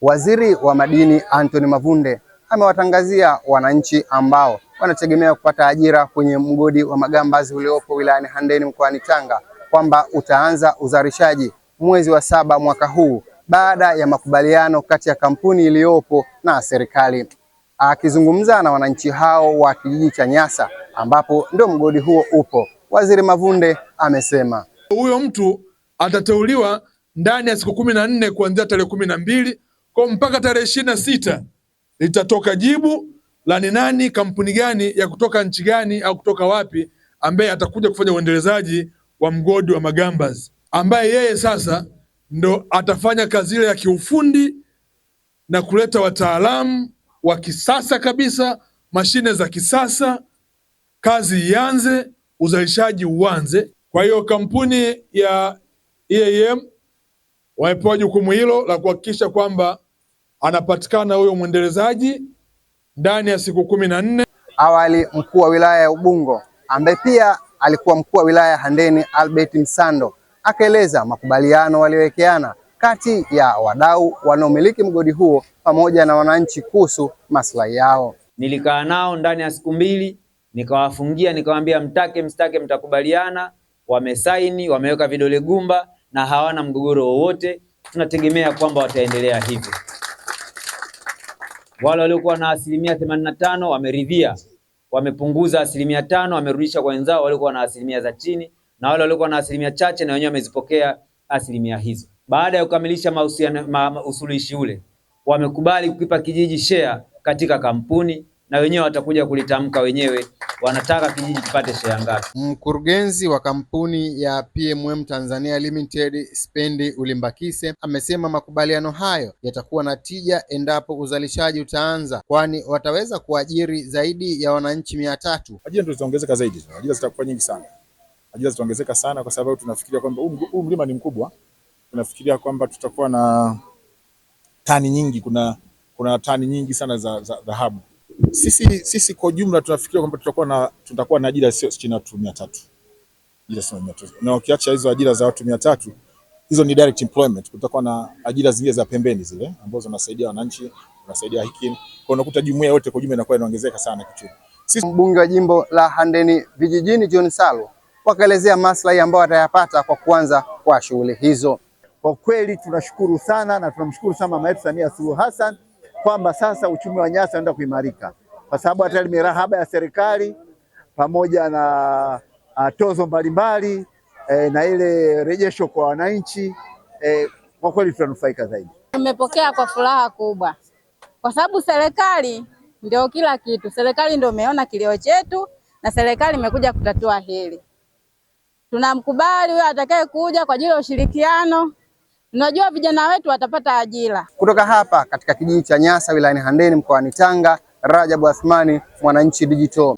Waziri wa Madini Anthony Mavunde amewatangazia wananchi ambao wanategemea kupata ajira kwenye mgodi wa Magambazi uliopo wilayani Handeni mkoani Tanga kwamba utaanza uzalishaji mwezi wa saba mwaka huu baada ya makubaliano kati ya kampuni iliyopo na serikali. Akizungumza na wananchi hao wa kijiji cha Nyasa ambapo ndio mgodi huo upo, Waziri Mavunde amesema huyo mtu atateuliwa ndani ya siku kumi na nne kuanzia tarehe kumi na mbili kwa mpaka tarehe ishirini na sita litatoka jibu la ni nani, kampuni gani ya kutoka nchi gani au kutoka wapi ambaye atakuja kufanya uendelezaji wa mgodi wa Magambas, ambaye yeye sasa ndo atafanya kazi ile ya kiufundi na kuleta wataalamu wa kisasa kabisa, mashine za kisasa, kazi ianze, uzalishaji uanze. Kwa hiyo kampuni ya EAM wamepewa jukumu hilo la kuhakikisha kwamba anapatikana huyo mwendelezaji ndani ya siku kumi na nne. Awali mkuu wa wilaya ya Ubungo ambaye pia alikuwa mkuu wa wilaya Handeni Albert Msando akaeleza makubaliano waliowekeana kati ya wadau wanaomiliki mgodi huo pamoja na wananchi kuhusu maslahi yao. Nilikaa nao ndani ya siku mbili, nikawafungia, nikawaambia mtake mstake, mtakubaliana. Wamesaini, wameweka vidole gumba na hawana mgogoro wowote. Tunategemea kwamba wataendelea hivyo. Wale waliokuwa na asilimia themanini na tano wameridhia, wamepunguza asilimia tano, wamerudisha kwa wenzao waliokuwa na asilimia za chini, na wale waliokuwa na asilimia chache na wenyewe wamezipokea asilimia hizo. Baada ya kukamilisha mahusiano ma, ule, wamekubali kukipa kijiji share katika kampuni na wenyewe watakuja kulitamka wenyewe, wanataka kijiji kipate share ngapi. Mkurugenzi wa kampuni ya PMM Tanzania Limited Spendi Ulimbakise amesema makubaliano hayo yatakuwa na tija endapo uzalishaji utaanza, kwani wataweza kuajiri zaidi ya wananchi mia tatu. Ajira ndio zitaongezeka zaidi, ajira zitakuwa nyingi sana, ajira zitaongezeka sana kwa sababu tunafikiria kwamba huu mlima ni mkubwa, tunafikiria kwamba tutakuwa na tani nyingi, kuna kuna tani nyingi sana za dhahabu za, sisi, sisi kwa jumla tunafikiria kwamba tutakuwa na tutakuwa na ajira sio chini ya watu mia tatu na ukiacha hizo ajira za watu mia tatu hizo ni direct employment. Kutakuwa na ajira zingine za pembeni zile ambazo zinasaidia wananchi, zinasaidia hiki, kwa unakuta jumuiya yote kwa jumla inakuwa inaongezeka sana kichwa. Sisi mbunge wa jimbo la Handeni vijijini John Salo wakaelezea maslahi ambayo atayapata kwa kuanza kwa shughuli hizo. Kwa kweli tunashukuru sana na tunamshukuru sana mama yetu Samia Suluhu Hassan kwamba sasa uchumi wa Nyasa unaenda kuimarika kwa sababu hata mirahaba ya serikali pamoja na ah, tozo mbalimbali e, na ile rejesho kwa wananchi e, kwa kweli tutanufaika zaidi. Nimepokea kwa furaha kubwa, kwa sababu serikali ndio kila kitu. Serikali ndio imeona kilio chetu na serikali imekuja kutatua hili. Tunamkubali huyo atakaye kuja kwa ajili ya ushirikiano unajua vijana wetu watapata ajira. Kutoka hapa katika kijiji cha Nyasa wilayani Handeni mkoani Tanga, Rajabu Athmani, Mwananchi Digital.